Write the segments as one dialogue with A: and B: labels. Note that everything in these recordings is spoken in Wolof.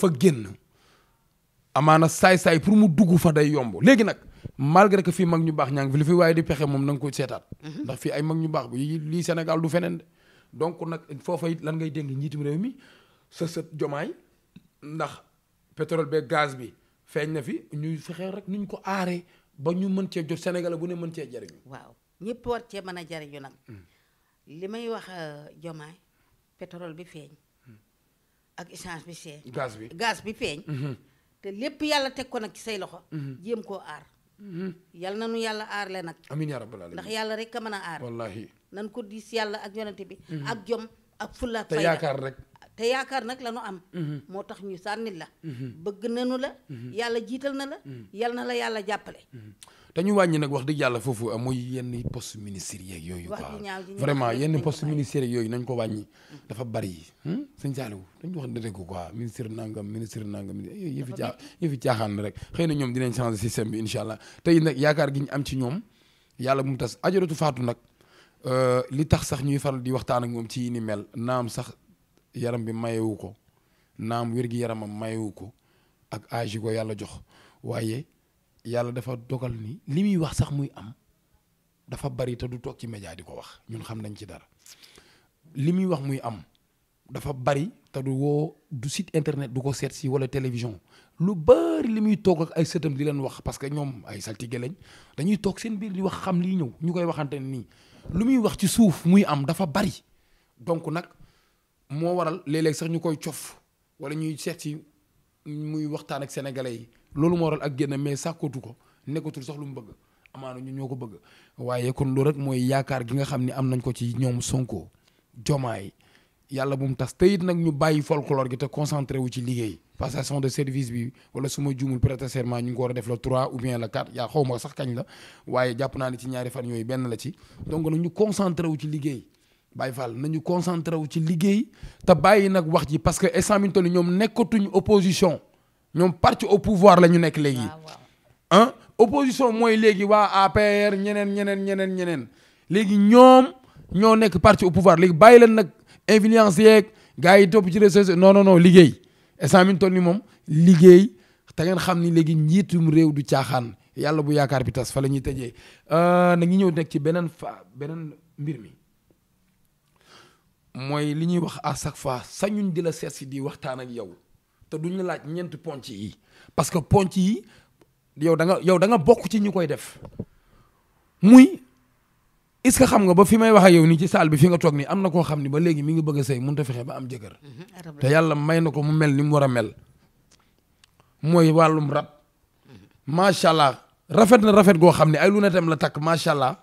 A: fa génn amaana saay-saay pour mu dugg fa day yomb léegi nag malgré que fii mag ñu baax ñaa fi li fi waaye di pexe moom na nga ko seetaat mhm. ndax fii ay mag ñu baax bi lii Sénégal du feneen de donc nag foofa it lan ngay déng njiitum réew mi sa sët jomaay ndax pétrole bee gaz bi feeñ na fi ñuy fexe rek nuñ ko aaree ba ñu mën cee jot Sénégal bu ne mën cee jariñu waaw
B: ñépp war cee mën a jariñu nag mm. li may wax jomaay euh, pétrole bi feeñ ak échange bi see gaz bi gaz bi feeñ mhm. te lépp yàlla teg ko nag ci say loxo mhm. jéem koo aar mhm. yal na nu yàlla aar le nag
A: amiin ndax yàlla
B: rek a mën a aar nan ko diis yàlla ak yonante bi ak jom ak fulla ak fayda te yaakaar rek te yaakaar nag la nu am mhm. moo tax ñu sànnit la mhm. bëgg na nanu la mhm. yàlla jiital na la yàlla na la yàlla jàppale
A: ñu wàññi nag wax dëgg yàlla foofu euh, muy yenn post ministère yeeg yooyu quoi vraiment yenn poste ministère yooyu nañ ko wàññi dafa bari hmm? sëñ Saliou dañu wax dëgg quoi ministre nangam ministre nangam eh, yëfi caa yëfi caaxaan rek xëy na ñoom dinañ changer système incha allah tey nag yaakaar gi ñu am ci ñoom yàlla bu mu tas ajaratu faatu nag euh, li tax sax ñuy faral di waxtaan ak moom ci ni mel naam sax yaram bi mayewu ko naam wér gi yaramam mayewu ko ak âge ko yàlla jox waaye yàlla dafa dogal ni li muy wax sax muy am dafa bari te du toog ci média di ko wax ñun xam nañ ci dara li muy wax muy am dafa bari te du woo du sit internet du ko seet si wala télévision lu bari li muy toog ak ay sëtam di leen wax parce que ñoom ay saltige lañ dañuy toog seen biir di wax xam lii ñëw ñu koy waxante nii lu muy wax ci suuf muy am dafa bari donc nag moo waral léeg sax ñu koy cof wala ñuy seet ci muy waxtaan ak sénégalais yi loolu moo waral ak génn mais sàkkootu ko nekkatul sax lu mu bëgg amaana ñu ñoo ko bëgg waaye kon loolu rek mooy yaakaar gi nga xam ni am nañ ko ci ñoom Sonko Jomaay yàlla bu mu tas te it nag ñu bàyyi folklore gi te concentré wu ci liggéey passation de service bi wala su ma juumul prêter serment ñu ngi ko war a def le 3 ou bien le 4 yaa xaw ma sax kañ la waaye jàpp naa ne ci ñaari fan yooyu benn la ci donc nag ñu concentré wu ci liggéey Baye Fall nañu concentré wu ci liggéey te bàyyi nag wax ji parce que instant bi ñu toll ñoom nekkatuñ opposition ñoom parce au pouvoir la ñu nekk léegi. ah opposition mooy léegi waa APR ñeneen ñeneen ñeneen ñeneen léegi ñoom ñoo nekk parti au pouvoir léegi bàyyi leen nag influence yeeg gars yi topp ci réseau non non non liggéey instant bi ni moom liggéey te ngeen xam ni léegi njiitum réew du caaxaan yàlla bu yaakaar bi tas fa la ñuy tëjee euh, na ngi ñëw nekk ci beneen fa beneen mbir mi. mooy li ñuy wax à chaque fois ñun di la seet si di waxtaan ak yow te duñ la laaj ñeenti ponc yi parce que ponc yi yow da nga yow da nga bokk ci ñu koy def muy est-ce xam nga ba fi may waxee ak yow nii ci salle bi fi nga toog nii am na koo xam ni ba léegi mi ngi bëgg a sëy mënut a fexe ba am jëkkër. Mhm, te yàlla may na ko mu mel ni mu war a mel mooy wàllum rab mhm. macha allah rafet na rafet goo xam ne ay lunettes dem la takk macha allah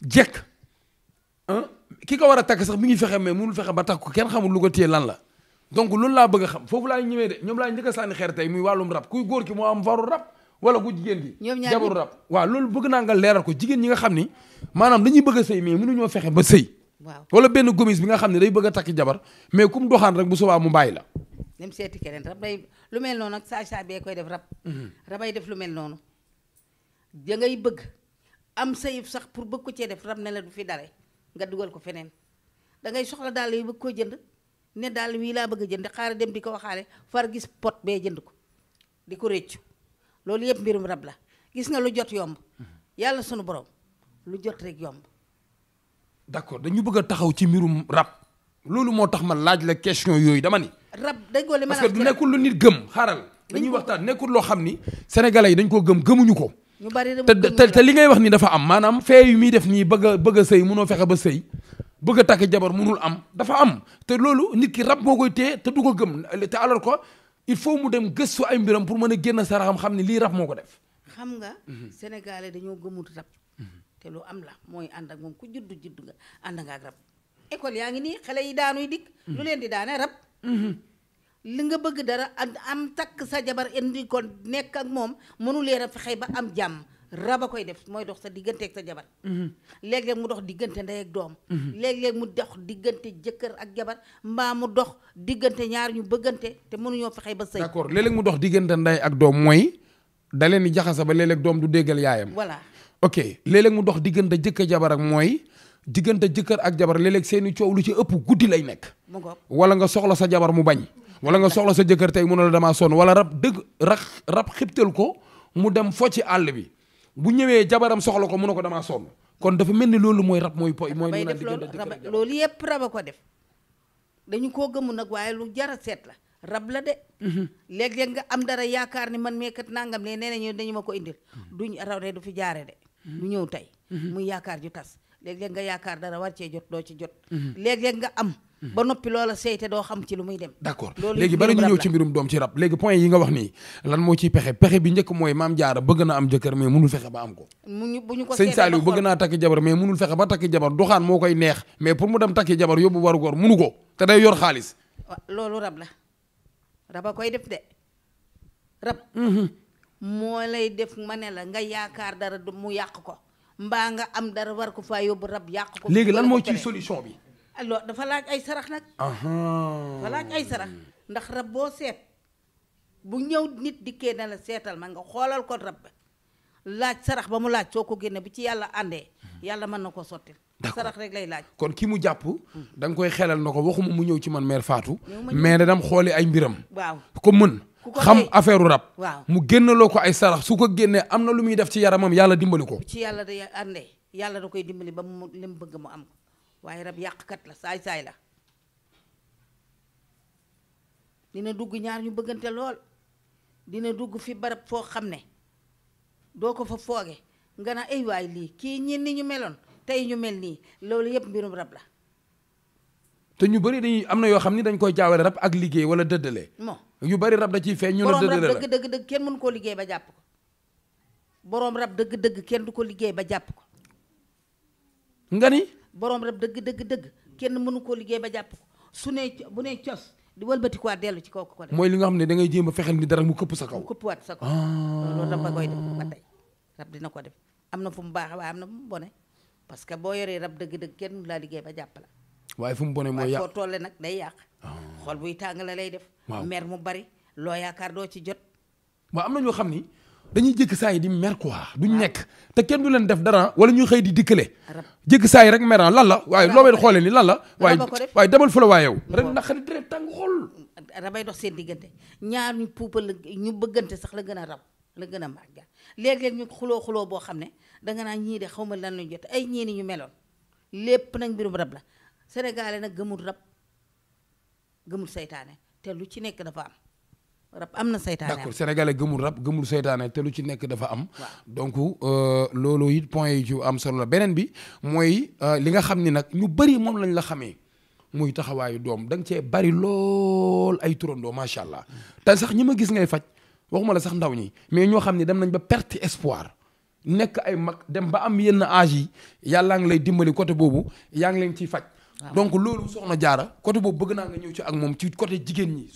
A: jekk ki ko war a takk sax mi ngi fexe mais mënul fexe ba takk ko kenn xamul lu ko téye lan la donc loolu laa bëgg a xam foofu laa ñëwee de ñoom laa njëkk a sànni xeer tey muy wàllum rab kuy góor ki moo am faru rab wala ku jigéen gi jabaru rab waaw loolu bëgg naa leeral ko jigéen ñi nga xam ni maanaam dañuy bëgg a sëy mais mënuñoo fexe ba sëy waaw wala benn gomis bi nga xam ne day bëgg takki jabar mais kum doxaan rek bu subaa mu bàyyi la
B: seeti keneen rab day lu mel noonu ak saaj saaj bee koy def rab mhm. rabay def lu mel noonu da ngay bëgg am sëyif sax pour bëgg ko cee def rab ne la du fi dare nga dugal ko feneen da ngay soxla dàll yi bëgg koo jënd ne dàll wii laa bëgg a jënd xaar dem di ko waxaale far gis pot bee jënd ko di ko réccu loolu yëpp mbirum rab la gis nga lu jot yomb mhm. yàlla sunu borom lu jot rek yomb.
A: d'accord dañu bëgg a taxaw ci mbirum rab loolu moo tax ma laaj la question yooyu dama ni.
B: rab déggoo li ma parce que du nekkul
A: lu nit gëm xaaral. dañuy waxtaan nekkul loo xam ni sénégalais yi dañ koo gëm gëmuñu ko.
B: ñu bari te
A: te li ngay wax ni dafa am maanaam fee yu muy def nii bëgg a bëgg a sëy fexe ba sëy bëgg a takk jabar munul am dafa am te loolu nit ki rab moo koy téye te du ko gëm te alors ko il faut mu dem gëstu ay mbiram pour mën a génn saraxam xam ne lii rab moo ko def. xam nga. Mhm.
B: sénégalais dañoo gëmul rab. Mhm. te lu am la mooy ànd ak moom ku judd judd nga ànd ak rab. école yaa ngi nii xale yi daanuy dikk. Mhm. lu leen di daane rab. li nga bëgg dara am takk sa jabar indi ko nekk ak moom mënu leen a ba am jàmm rab raba koy def mooy dox sa diggante ak sa jabar mhm. léeg mu dox diggante ndey ak doom mhm. léeg-léeg mu dox diggante jëkkër ak jabar mbaa dox diggante ñaar ñu bëggante te mënuñoo fexe ba sëy
A: d'accord mu dox diggante ndey ak doom mooy da leen di jaxasa ba léeg doom du déggal yaayam voilà ok léeg mu dox diggante jëkk jabar ak mooy diggante jëkkër ak jabar léeg-léeg seeni coow lu ci ëpp guddi lay nekk wala nga soxla sa jabar mu bañ wala nga soxla sa jëkkër tey mu ne la damaa sonn wala rab dëgg rab rab xibtal ko mu dem foo ci àll bi bu ñëwee jabaram soxla ko mu ne ko damaa sonn kon dafa mel ni loolu mooy rab mooy po mooy bay def
B: loolu yëpp raba ko def dañu koo gëmu nag waaye lu jara seet la rab la de mhm. léeg-léeg nga am dara yaakaar ni man meekat nangam lee nee nañu dañu ma ko indil mhm. duñ raw de du fi jaare de du mhm. ñëw tey muy yaakaar ju tas léeg-léeg nga yaakaar dara war cee jot doo ci jot léeg-léeg nga am ba noppi loola seey te doo xam ci lu muy dem d'accord léegi bari ñu ñëw ci
A: mbirum doom ci rab léegi point yi nga wax nii lan moo ciy pexe pexe bi njëkk mooy maam jaara bëgg na am jëkkër mais munul fexe ba am ko
B: muñu bu ñu ko sëñ Saliou bëgg
A: naa takk jabar mais munul fexe ba takk jabar doxaan moo koy neex mais pour mu dem takki jabar yóbbu waru góor munu ko te day yor xaalis
B: loolu rab la raba koy def de
A: rab mhm.
B: moo lay def ma ne la nga yaakaar dara mu yàq ko mbaa nga am dara war ko faa yóbbu rab yàq ko léegi lan moo ciy solution bi alors dafa laaj ay sarax nag.
A: dafa laaj ay sarax
B: ndax rab boo seet bu ñëw nit dikkee na la seetal ma nga xoolal ko rab laaj sarax ba mu laaj soo ko génne bu ci yàlla àndee yàlla mën na ko sottil sarax rek lay laaj.
A: kon ki mu jàpp da koy xelal na ko waxuma mu ñëw ci man mère Fatou. mais da dam xooli ay mbiram. waaw ko mën. xam affaire rab. waaw mu génnaloo ko ay sarax su ko am na lu muy def ci yaramam yàlla dimbali ko.
B: ci yàlla day àndee yàlla da koy dimbali ba mu li mu bëgg mu am ko. waaye rab yàqkat la saay-saay la dina dugg ñaar ñu bëggante lool dina dugg fi barab foo xam ne doo ko fa fooge nga na ay waay lii kii ni ñu meloon tey ñu mel nii loolu yépp mbirum rab la
A: te ñu bari dañuy am na yoo xam ni dañ koy jaawale rab ak liggéey wala dëddale bon yu bari rab da ciy feeñ ñu ne dëddale la dëgg
B: dëgg dëgg kenn mënu koo liggéey ba jàpp ko boroom rab dëgg dëgg kenn du ko liggéey ba jàpp ko nga ni borom rab dëgg dëgg dëgg kenn mënu koo liggéey ba jàpp ko su ne bu ne cos di wëlbatikuwaat dellu ci kaw ko def. mooy
A: li nga xam ne da ngay jéem a fexeel ni dara mu këpp sa kaw. mu këppwaat sa kaw ah. loolu rab ba koy def ba tey
B: rab dina ko def am na fu mu baax waaye am na fu mu bone parce que boo yoree rab dëgg-dëgg kenn laa liggéey ba jàpp la.
A: waaye fu mu bone mooy yàq waaye
B: foo nag day yàq. Ah. xol buy tàng la lay def. mer mu bari loo yaakaar doo ci jot.
A: waaw am na ñoo xam ni dañuy jékki saa yi di mer quoi duñ nekk te kenn du leen def dara wala ñu xëy di dikkale jékki saa yi rek mer ah, lan la waaye loo may xoolee ni lan la waaye waaye demal fa la waa yow rek
B: naqari direct tàng xool rabay dox seen diggante ñaar ñu puupal ñu bëggante sax la gën a rab la gën a màgg léeg-léeg ñu xuloo xuloo boo xam ne danga naa ñii de xaw ma lan lañ jot ay ñii ni ñu meloon lépp nag mbirum rab la sénégalais nag gëmul rab gëmul seytaane te lu ci nekk dafa am rab am na seytaane d'accord
A: sénégalais gëmul rab gëmul seytaane te lu ci nekk dafa am donc euh, loolu it point yi ci am solo la beneen bi mooy euh, li nga xam ni nag ñu bëri moom lañ la xamee muy taxawaayu doom da nga cee bari lool ay turandoo macha allah te sax ñi ma gis ngay faj waxuma la sax ndaw ñi mais ñoo xam ni dem nañ ba perte espoir nekk ay mag dem ba am yenn âge yi yàllaa ngi lay dimbali côté boobu yaa ngi leen ciy faj donc loolu soxna jaara côté boobu bëgg naa nga ñëw ci ak moom ci côté jigéen ñi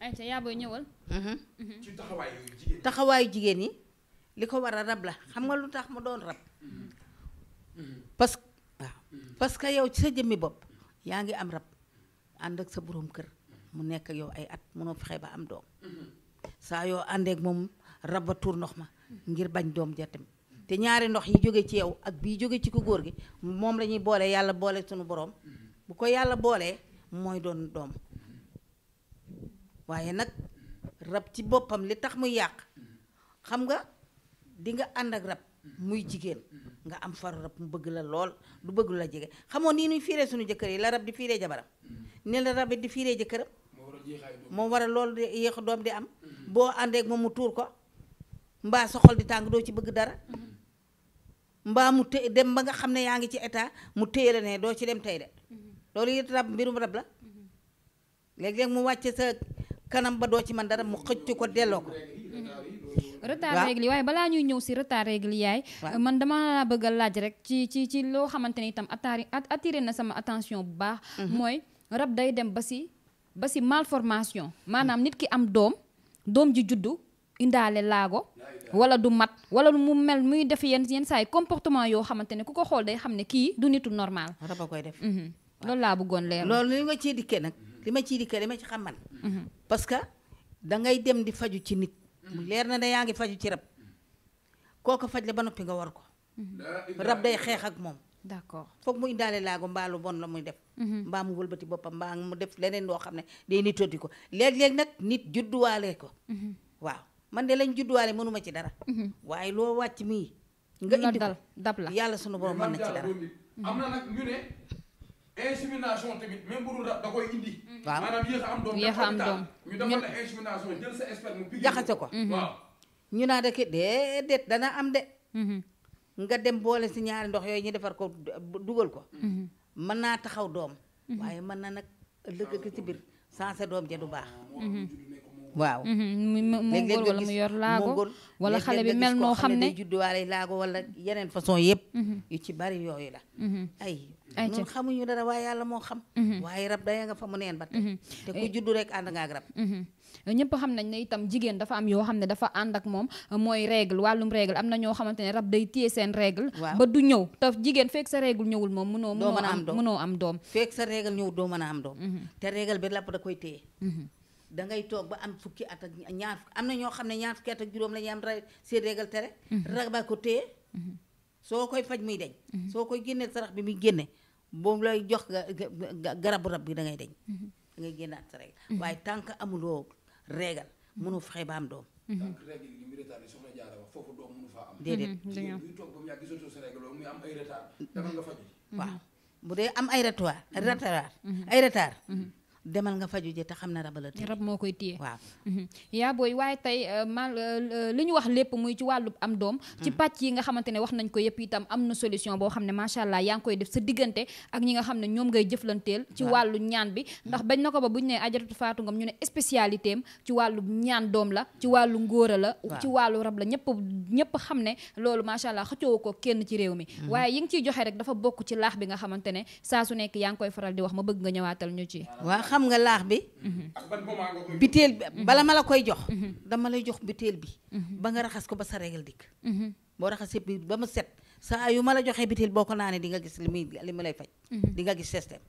B: ayca yaa booy ñëwal. Mhm. Mhm. ci taxawaayu jigéen ñi. li ko war a rab la xam nga lu tax mu doon rab. parce que parce que yow ci sa jëmmi bopp yaa ngi am rab ànd ak sa borom kër mu nekk yow ay at munoo fexe ba am doom saa yoo àndeek moom rab ba tuur ndox ma ngir bañ doom ja tamit te ñaari ndox yi jóge ci yow ak bii jóge ci ko góor gi moom la ñuy boole yàlla boole sunu borom bu ko yàlla boolee mooy doon doom. waaye nag rab ci boppam li tax muy yàq xam nga di nga ànd ak rab muy jigéen nga am far rab mu bëgg la lool du bëgg la jege xamoon nii nuy fiiree suñu jëkkër yi la rab di fiire jabaram mm-hmm. ne la rab di fiire jëkkëram moo war a lool de yéex doom di am mm-hmm. boo àndeek moom mu tuur ko mbaa sa di tàng doo ci bëgg dara mm-hmm. mbaa mu té dem ba nga xam ne yaa ngi ci état mu téye la ne doo ci dem tey de loolu it rab mbirum rab la léeg-léeg mu wàcce sa kanam ba doo ci man dara mu xëcc ko delloo ko
A: mm-hmm. retard régulier
C: waaye balaa ñuy ñëw si retar régulier yaay man dama laa bëgg laaj rek ci ci ci loo xamante ni itam atari attiré na sama attention bu baax mm-hmm. mooy rab day dem ba si ba si mal formation maanaam nit ki am doom doom ji juddu indaale laago wala du mat wala mu mel muy def yenn yenn saa yi comportement yoo xamante ne ku ko xool day xam ne kii du nitu normal rab a koy def mm-hmm. loolu laa bëggoon leer loolu li nga ciy dikkee nag li ma ciy dikkee li ma ci xam man mhm.
B: parce que da ngay dem di faju ci nit mhm. leer na ne yaa ngi faju ci rab kooko faj la ba noppi nga war ko
A: mhm. rab day xeex
B: ak moom d'accord foog mu indaale laago mbaa lu bon la muy def mbaa mu wëlbati boppam mbaa mu def leneen loo xam ne day nit toddi ko léeg-léeg nag nit judduwaale ko waaw man de lañ judduwaale mënuma ci dara waaye loo wàcc mii nga indi ko dab la yàlla sunu borom mën na ci dara
A: am na nag ñu insémination tamit même bu dul da da koy indi. waaw maanaam am doom jaxase ko mhm. waaw.
B: ñu naan rek déedéet dana am de. Mhm. nga dem boole si ñaari ndox yooyu ñu defar ko dugal ko. Mhm. mën naa taxaw doom. waaye mën na nag ëllëg ak ci biir sansé doom ja du baax.
C: waaw. léeg-léeg nga wala mu yor laago wala xale bi mel noo xam
B: ne léeg-léeg nga laago wala yeneen façon yëpp. yu ci bari yooyu la. noonu xamuñu dara waaye yàlla moo xam mhm. waaye rab daya nga fa mu neen ba tey mhm. te ku eh. juddu rek ànd nga ak rab
C: mhm. ñëpp xam nañ ne itam jigéen dafa am yoo xam ne dafa ànd ak moom mooy règle wàllum règle am na ñoo xamante ne rab day téye seen règle ba du ñëw te jigéen fekk sa règle ñëwul moom mënoo doo mën a am doom
B: mënoo am doom fekk sa règle ñëwul doo a am da koy téye da ngay toog ba am fukki at ak ñaar am na ñoo xam ne ñaar fukki at ak juróom la am seen règle tere rab ba ko téye soo koy faj muy deñ mm-hmm. soo koy génneel sarax bi muy génne boobu lay jox ga garabu rab bi da ngay deñ mm-hmm. da ngay génnaat sa régal mm-hmm. waaye tànk amuloo régal mënu fexe ba am doom
A: tànk régal yi muy retard yi soxna jaara wax foofu doom mënu faa am déedéet buy toog ba mu yàgg gisatoo sa régal muy am ay retard dama nga faj waaw
B: bu dee am ay retard retard ay retard demal nga faju ji te xam na rab la téye moo
C: koy téye waaw mhm. yaa booy waaye tey euh, ma euh, li ñu wax lépp muy ci wàllu am doom ci mhm. pàcc yi nga xamante ne wax nañ ko yëpp itam am na solution boo xam ne macha allah yaa ngi koy def sa diggante ak ñi nga xam ne ñoom ngay jëflanteel ci wàllu ñaan bi mhm. ndax bañ na ko ba buñu nee ajaratu faatu ngam ñu ne spécialité ci wàllu ñaan doom la ci wàllu ngóora la ci wàllu rab la ñëpp ñëpp xam ne loolu macha allah xëccoo ko kenn ci réew mi waaye yi nga ciy joxe rek dafa bokk ci laax bi nga xamante ne saa su nekk yaa ngi koy faral di wax ma bëgg nga ñëwaatal ñu ci xam nga laax bi. ak ban moment nga koy biteel bi mhm. bala ma la koy jox. Mhm. dama lay jox biteel bi. Mhm. ba nga raxas ko ba sa régal dikk.
B: boo raxasee bi ba mu set saa yu ma la joxee biteel boo ko naanee di nga gis li muy li mu lay faj. di nga gis système.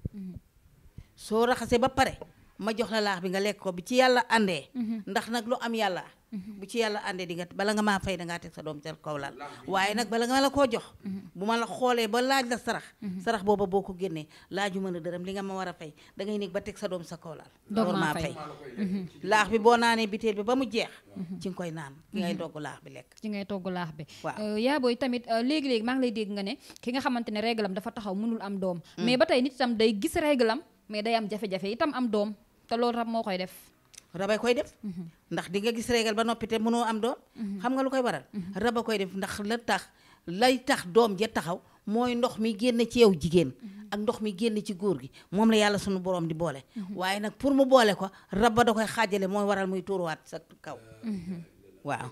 B: soo raxasee ba pare ma jox la laax bi nga lekk ko bi ci yàlla àndee. ndax nag lu am yàlla. Mm-hmm. bu ci yàlla àndee di nga bala nga maa fay dangaa teg sa doom ca kaw lal waaye nag bala nga la koo jox mm-hmm. bu ma la xoolee ba laaj la sarax mm-hmm. sarax booba boo ko génnee laaju mën a dërëm li nga ma war a fay da ngay nekk ba teg sa doom sa kaw lal door maa fay laax bi boo naanee biteel bi ba mu jeex ci nga koy naan ki ngay togg laax bi lekk
C: ci ngay togg laax bi waaw euh, yaa booy tamit euh, léegi-léegi maa ngi lay dégg nga ne ki nga xamante ne réglam dafa taxaw mënul am doom mm. mais ba tey nit itam day gis réglam mais day am jafe-jafe itam am doom te loolu rab moo koy def
B: raba koy def mhm. ndax di nga gis régal ba noppi te mënoo am doom mhm. xam nga lu koy waral mhm. a koy def ndax la tax lay tax doom ja taxaw mooy ndox mi génn ci yow jigéen ak ndox mi génn ci góor gi moom la yàlla suñu borom di boole waaye nag pour mu boole ko raba da koy xaajale mooy waral muy tuuruwaat sa kaw waaw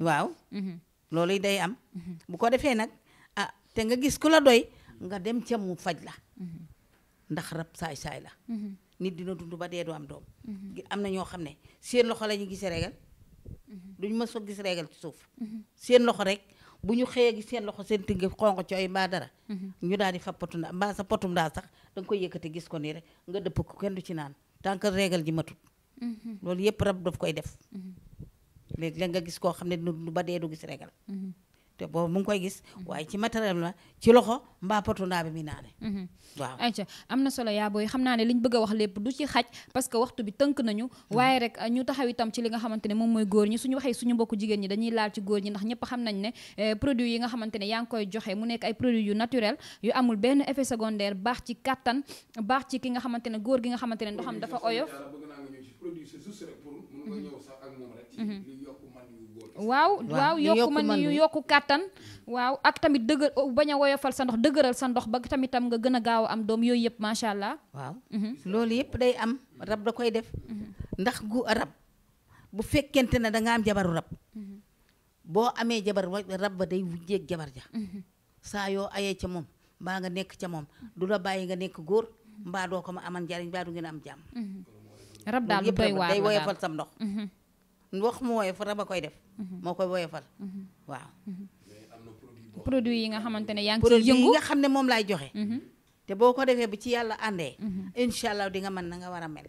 B: waaw loolu day am bu ko defee nag ah te nga gis ku la doy nga dem ca mu faj la ndax rab saay saay la nit dina dund ba dee du am doom. Mhm. am na ñoo xam ne seen loxo la ñu gisee régal. Mhm. duñ ma a gis régal ci suuf. Mhm. seen loxo rek bu ñu xëyee gi seen loxo seen tënk xonq cooy mbaa dara. ñu daal di fa potu ndaa mbaa sa potum ndaa sax da nga koy yëkkati gis ko nii rek nga dëpp ko kenn du ci naan tant que régal ji matut. loolu yëpp rab daf koy def. léegi la nga gis koo xam ne dina dund ba dee du gis régal. te boobu mu ngi koy gis mm-hmm. waaye ci matériel ma ci loxo mbaa potu ndaa bi mi naane mm-hmm. waaw
C: ayca am na solo yaa booy xam naa ne liñ bëgg a wax lépp du ci xaj parce que waxtu bi tënk nañu mm-hmm. waaye rek uh, ñu taxaw itam ci li nga xamante ne moom mooy góor ñi suñu waxee suñu mbokku jigéen ñi dañuy laal ci góor ñi ndax ñëpp xam nañ ne eh, produit yi nga xamante ne yaa ngi koy joxe mu nekk ay produit yu naturel yu amul benn effet secondaire baax ci kattan baax ci ki nga xamante ne góor gi nga xamante ne ndoxam dafa oyof
A: waaw mhm. waaw mhm. yokku man yu yokku
C: kàttan waaw ak tamit dëgër oh, bañ a woyofal sa ndox dëgëral sa ndox ba tamitam nga gën a gaaw am doom yooyu yëpp macha allah. waaw mhm. loolu yëpp day am rab da koy def
B: ndax gu rab bu fekkente ne danga am jabaru rab boo amee jabar rab ba day wujjeeg jabar ja saa yoo ayee ca moom mbaa nga nekk ca moom du la bàyyi nga nekk góor mbaa doo ko ma amal njariñ mbaa du ngeen am jàmm rab daal lu doy waar day woyofal sam ndox mhm. wax mu woyof rab a koy def mhm. moo koy woyofal mhm. waaw
C: produit yi nga xamante ne yaa ngi ciy yëngu yi nga xam ne moom laay joxe
B: te boo ko defee bi ci yàlla àndee incha allah di nga mën na nga war a mel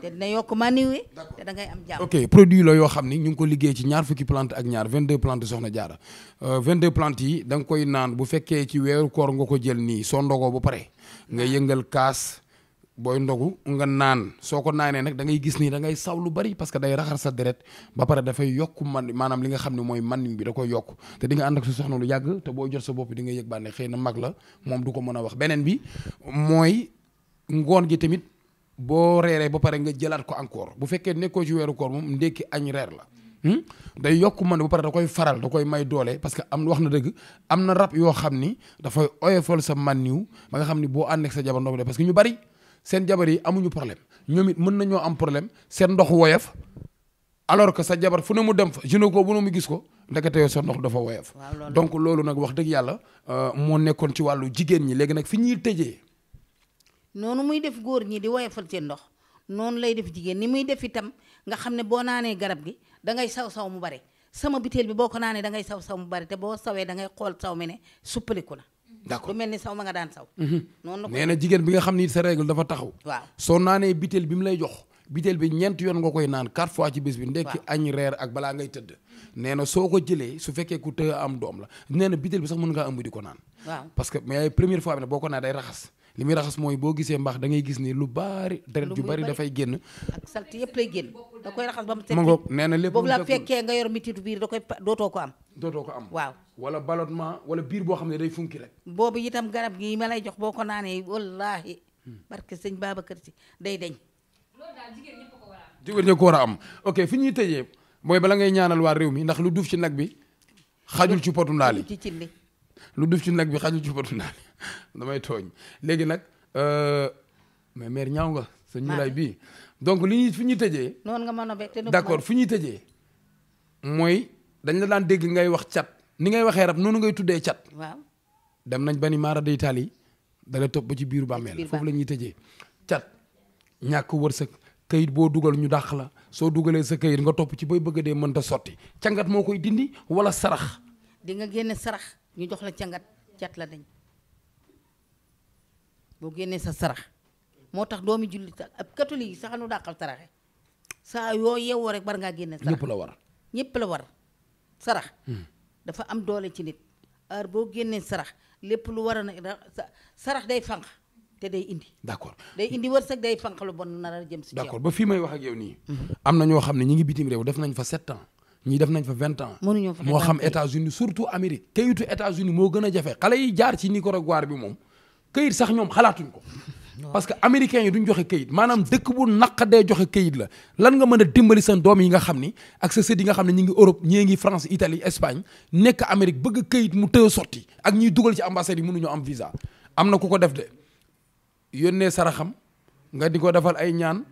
B: te dina yokk maniwi te da ngay am jàmm ok
A: produit la yoo xam ni ñu ngi ko liggéey ci ñaar fukki plante ak ñaar 22 plante soxna jaara 22 euh, plante yi da nga koy naan bu fekkee ci weeru koor nga ko jël nii soo ndogoo ba pare nga yëngal kaas booy ndogu nga naan soo ko naanee nag da ngay gis ni da ngay saw lu bari parce que day raxar sa deret ba pare dafay yokk man maanaam li nga xam ne mooy man bi da koy yokk te di nga ak su soxna lu yàgg te boo jot sa bopp di nga yëg bànne xëy na mag la moom du ko mën a wax beneen bi mooy ngoon gi tamit boo reeree ba pare nga jëlaat ko encore bu fekkee nekkoo ci weeru koor moom ndékki añ reer la hmm? day yokk man ba pare da koy faral da koy may doole parce que am wax na dëgg am na rab yoo xam ni dafay oyofal sa man niw ba nga xam ni boo ànd ak sa jabar ndox parce que ñu bari seen jabar yi amuñu problème ñoom it mën nañoo am problème seen ndox woyaf alors que sa jabar fu ne mu dem fa ko bu ne gis ko ndekete yow sa ndox dafa woyof donc loolu nag wax dëgg yàlla euh, moo nekkoon ci wàllu jigéen ñi léegi nag fi ñuy tëjee
B: noonu muy def góor ñii di woyofal seen ndox noonu lay def jigéen ni muy def itam nga xam ne boo naanee garab gi dangay saw-saw mu bari sama biteel bi boo ko naanee dangay saw-saw mu bari te boo sawee da ngay xool saw mi ne suppaliku na d'accord lu mel ni saw ma nga daan saw mhm. noonu na
A: jigéen bi nga xam ni sa règle dafa taxaw waaw soo naanee biteel bi mu lay jox biteel bi ñeent yoon nga koy naan quatre fois ci bés bi ndekki añ reer ak balaa ngay tëdd nee soo ko jëlee su fekkee ku të am doom la nee na biteel bi sax mën ngaa ëmb di ko naan waaw parce que mais première fois boo ko naan day raxas li muy raxas mooy boo gisee mbaax da ngay gis ni lu baari deret ju bari dafay génn
B: ak salt yëpp lay génn da koy raxas ba mu set ma fekkee nga yor mititu biir da koy dootoo
A: dootoo ko am waaw wala ballonnement wala biir boo xam ne day funki rek
B: boobu itam garab gii ma lay jox boo ko naanee wallaahi hmm. barke sëñ Babacar Si day deñ
C: loolu daal
A: jigéen am ok fu ñuy tëjee mooy bala ngay ñaanal waa réew mi ndax lu duuf ci nag bi xajul ci potu ndaal yi lu duuf ci nag bi xajul ci potu ndaal yi damay tooñ léegi nag euh, mais mère ñaaw nga sëñ ñu bii donc li ñuy fi ñuy tëjee
B: noon nga mën a d'accord fu
A: ñuy tëjee mooy dañ la daan dégg ngay wax cat ni ngay waxee rab noonu ngay tuddee cat. dem nañ ba ni maara day taal yi topp ba ci biiru la foofu la ñuy tëjee cat ñàkk wër wërsëg kayit boo dugal ñu dàq la soo dugalee sa këyit nga topp ci bay bëgg dee mënta sotti cangat moo koy dindi wala sarax.
B: di nga génne sarax ñu jox la cangat cat la dañ boo génnee sa sarax moo tax doomi jullit ab catholique yi sax dàqal saraxe sa yoo yeewoo rek war ngaa génne sarax ñëpp la war ñëpp la war sarax hmm. dafa am doole ci nit heure boo génnee sarax lépp lu war a na sarax day fànq te day indi. d'accord day indi wërsëg day fànq lu bon nar a jëm si. d'accord ba
A: fii may wax ak yow nii. Hmm. am na ñoo xam ne ñi ngi bitim réew def nañ fa sept ans ñii def nañ fa vingt ans. mënuñoo fa moo xam États-Unis surtout Amérique. kayitu États-Unis moo gën a jafe xale yi jaar ci Nicaragua bi moom kayit sax ñoom xalaatuñ ko. parce que américains yi duñ joxe kayit maanaam dëkk bu naqadee joxe kayit la lan nga mën a dimbali seen doom yi nga xam ni ak sa sët nga xam ne ñu ngi Europe ñii ngi France Italie Espagne nekk Amérique bëgg kayit mu tëye sotti ak ñuy dugal ci ambassade yi mënuñu am visa am na ku ko def de yónnee saraxam nga di ko defal ay ñaan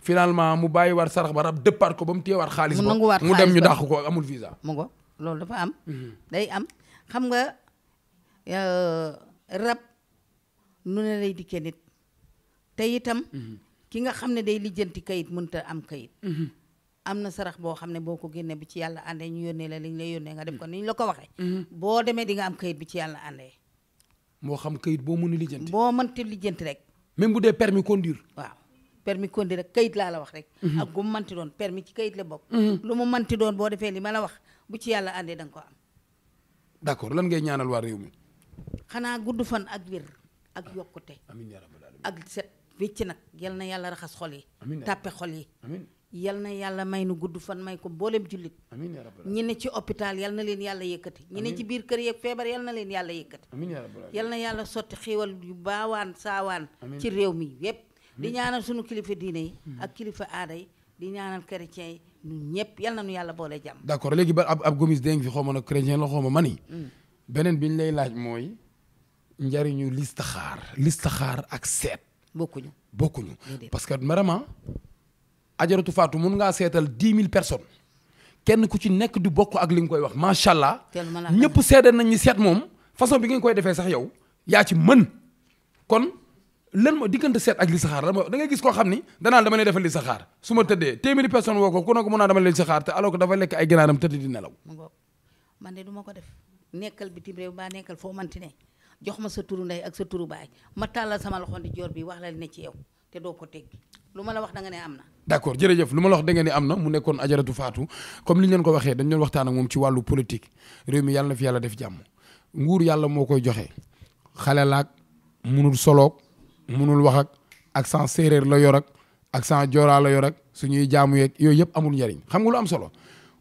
A: finalement mu bàyyi war sarax ba rab dëppaat ko ba mu téyewaat xaalis ba mu dem ñu dàq ko amul visa mu ngo loolu
B: dafa am mhm. day am xam nga euh, nu ne lay dikke nit te itam mhm. ki nga xam ne day lijjanti kayit mënta am kayit mhm. am na sarax boo xam ne boo ko génnee bi ci yàlla àndee ñu yónnee la liñ lay yónnee nga def mhm. ko ni ñu la ko waxee boo demee di nga am kayit bi ci yàlla àndee
A: moo xam kayit boo mënu lijjanti boo mënti lijjanti rek même bu dee permis conduire waaw
B: permis conduire rek kayit laa la wax rek ak gu mu doon permis ci kayit la bokk lu mu mënti doon boo defee li ma la wax bu ci yàlla àndee danga nga ko am
A: d'accord lan ngay ñaanal waa réew mi
B: xanaa gudd fan ak wér ak ah. yokkute ak set wécc nag yal na yàlla raxas xol yi tàppe xol yi yal na yàlla may nu gudd fan may ko booleem jullit ñi ne ci hôpital yal na leen yàlla yëkkati ñi ne ci biir kër yeeg feebar yal na leen yàlla yëkkati yal na yàlla sotti xéewal yu baawaan saawaan ci réew mi yépp di ñaanal sunu kilifa diine yi hmm. ak kilifa aada yi di ñaanal chrétien yi ñun ñëpp yal na nu yàlla boole jàmm
A: d'accord léegi ba ab ab gomis dégg fi xaw nag chrétien la xaw njariñu listaxaar listaxaar ak seet. bokkuñu bokkuñu. parce que vraiment ajaratu faatu mun ngaa seetal dix mille personnes kenn ku ci nekk di bokk ak li nga koy wax macha allah. ñëpp seede nañ ñi seet moom façon bi ngeen koy defee sax yow yaa ci mën kon. lan moo diggante seet ak listaxaar lan moo da gis koo xam ni danaa dama lay defal listaxaar su ma tëddee téeméeri personne woo ko ku ne ko mën naa dama lay listaxaar te alors que dafa lekk ay gànnaaram tëdd di nelaw.
B: man de du ko def nekkal bitim réew ba nekkal foo man manti ne jox ma sa turu ndey ak sa turu baay ma tàllal sama loxo di joor bi wax la ne ci yow te doo ko teggi lu ma la wax da nga ne am na.
A: d'accord jërëjëf lu ma la wax da nga ne am na mu nekkoon ajaratu faatu comme li ñu leen ko waxee dañ doon waxtaan ak moom ci wàllu politique réew mi yàlla na fi yàlla def jàmm nguur yàlla moo koy joxe xale laag munul soloog munul wax ak accent séeréer la yor ak accent joolaa la yor ak suñuy jaamu yooyu yëpp amul njariñ xam nga lu am solo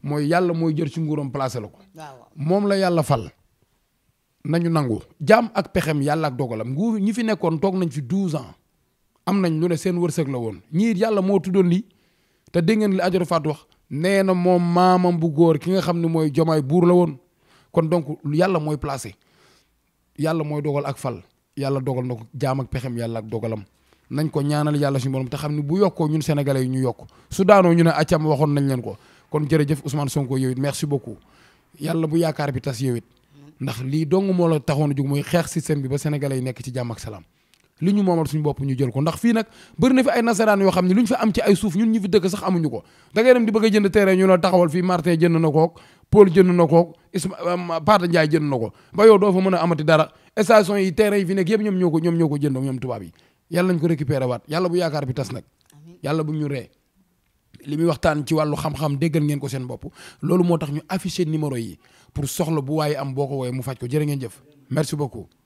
A: mooy yàlla mooy jël ci nguuram placé la ko. moom la yàlla fal. nañu nangu jaam ak pexem yàlla ak dogalam nguur ñi fi nekkoon toog nañ fi 12 ans am nañ lu ne seen wërsëg la woon ñii yàlla moo tuddoon lii te dégg ngeen li Adjara Fatou wax nee na moom maamam bu góor ki nga xam ne mooy jomaay buur la woon kon donc yàlla mooy placé yàlla mooy dogal ak fal yàlla dogal na ko jaam ak pexem yàlla ak dogalam nañ ko ñaanal yàlla suñu borom te xam ne bu yokkoo ñun sénégalais yi ñu yokk su daanoo ñu ne accam waxoon nañ leen ko kon jërëjëf Ousmane Sonko yow merci beaucoup yàlla bu yaakaar bi tas yow ndax lii dong moo la taxoon a mooy xeex système bi ba sénégalais yi nekk ci jàmm ak salaam li ñu moomal suñu bopp ñu jël ko ndax fii nag bëri na fi ay nasaraan yoo xam ne lu ñu fi am ci ay suuf ñun ñu fi dëkk sax amuñu ko da ngay dem di bëgg a jënd terrain ñu la taxawal fii Martin jënd na kook Paul jënd na kook Isma Pata Ndiaye jënd na ko ba yow doo fa mën a amati dara station yi terrain yi fi nekk yëpp ñoom ñoo ko ñoom ñoo ko jëndoo ñoom tubaab yi yàlla nañ ko récupéré waat yàlla bu yaakaar bi tas nag yàlla bu ñu ree li muy waxtaan ci wàllu xam-xam ngeen ko seen bopp loolu moo tax ñu affiché numéro yi pour soxla bu waaye am boo ko woowee mu faj ko jërë ngeen jëf merci beaucoup